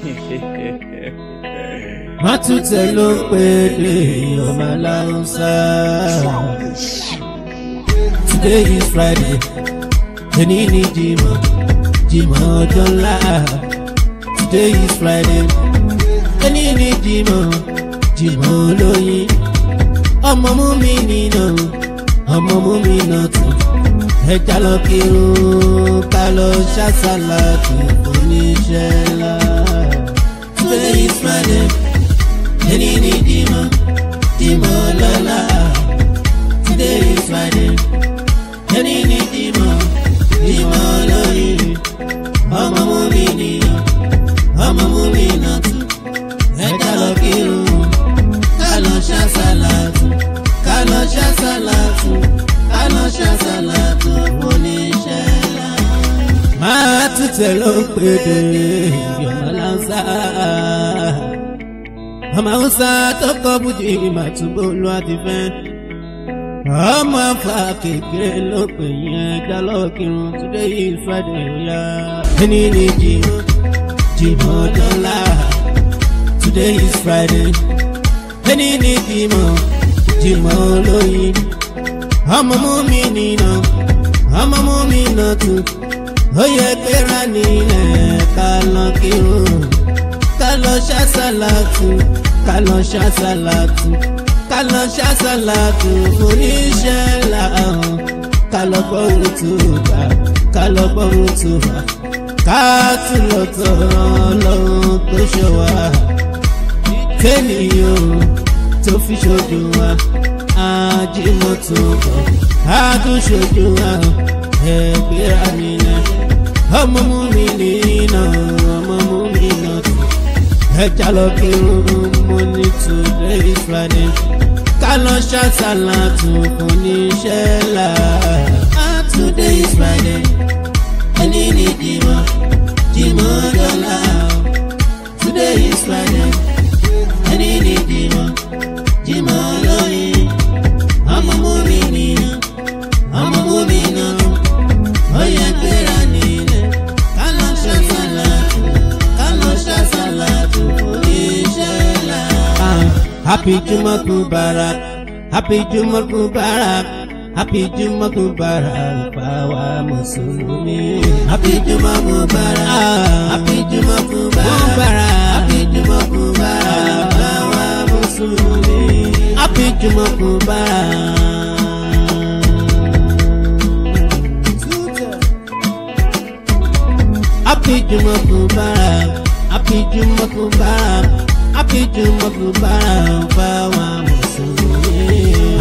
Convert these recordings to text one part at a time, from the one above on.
mátútẹ ló pé lè ọmọ aláwùsá. today is friday ẹni ní jimọ jimọ ọjọ́ ńlá. today is friday ẹni ní jimọ jimọ olóyin. ọmọ mú mi nínà ọmọ mú mi nà tún ẹja lọ kírun ká lọ ṣàṣàlà títẹ̀ ló ń pèdè ìyọ̀mọ̀ lánsá. ọmọ haúsá tó kọ́ bùjì màtúbọ̀ ló àti fẹ́. ọmọ afa kékeré ló pè yẹn dálọ́kìrun túdé yìí fẹ́dẹ̀ yá. ẹni ní jìmọ̀ jìmọ̀ dọ́là today is Friday. ẹni ní jìmọ̀ jìmọ̀ olóyin ọmọ mú mi nìyàn ọmọ mú mi nà tún ó yẹ gbéra nílẹ̀ ká lọ kírun ká lọ ṣàṣàlátù ká lọ ṣàṣàlátù ká lọ ṣàṣàlátù oníṣẹ́ làwọn ká lọ gbọ́rù tó bá ká lọ gbọ́rù tó bá ká tún lọ tọrọ ọlọ́run tó ṣọ wá kéènìyàn tó fi ṣojú wa ajímọ̀tò bọ̀ á tún ṣojú wa ọmọ mú mi nínà ọmọ mú mi nà ẹja lọ kí n mú ní today Friday kálọ̀ ṣàṣàlà tún kún ní iṣẹ́ là ah, today Friday ẹni ní Jímọ̀ Jímọ̀ dọ́là. Happy Juma Mubarak, Happy Juma Mubarak, Happy Juma Mubarak, Bawa Musulmi. Happy Juma Mubarak, Happy Juma Mubarak, Happy Juma Mubarak, Bawa Musulmi. Happy Juma Mubarak. Happy Juma Mubarak, Happy Juma Mubarak. Abidjan Mokubara Ubawa Musulmi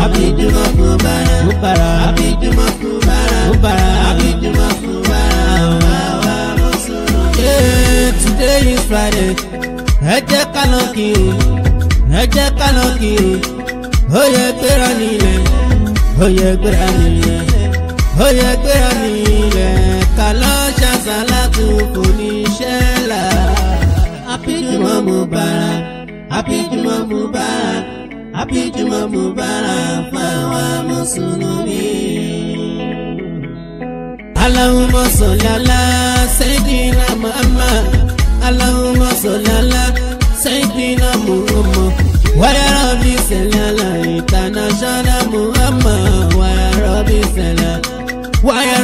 Abidjan Mokubara Ubara Abidjan Mokubara Ubara Abidjan Mokubara Ubawa Musulmi Today is Friday Ẹ jẹ́ ká lọ kiri Ẹ jẹ́ ká lọ kiri Ó yẹ gbéra nílẹ̀ Ó yẹ gbéra nílẹ̀ Ó yẹ gbéra nílẹ̀ Kàlọ́ ṣàṣà láti kò ní ṣẹlẹ̀ Abidjan Mokubara. Happy Juma Mubarak, Happy Juma Mubarak fáwọn mùsùlùmí. Allahumma salli ala Sayyidina Muhammad, Allahumma salli ala Sayyidina Muhammad. Waya Rabbi salli ala international Muhammad, Waya Rabbi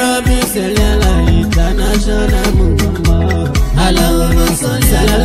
Rabbi salli ala international Muhammad. Allahumma salli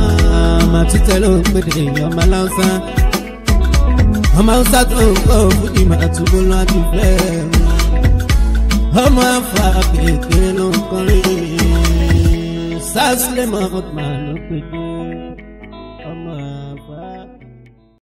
títẹ ló ń gbèdè ọmọ aláwùsá ọmọ haúsá tó ń kọ́ fún ìmọ̀ àtúbọ̀ lọ́wọ́ ti fẹ́ ọmọ afa kékeré ló ń kọrin sars lè mọ ọgbà ló pè é.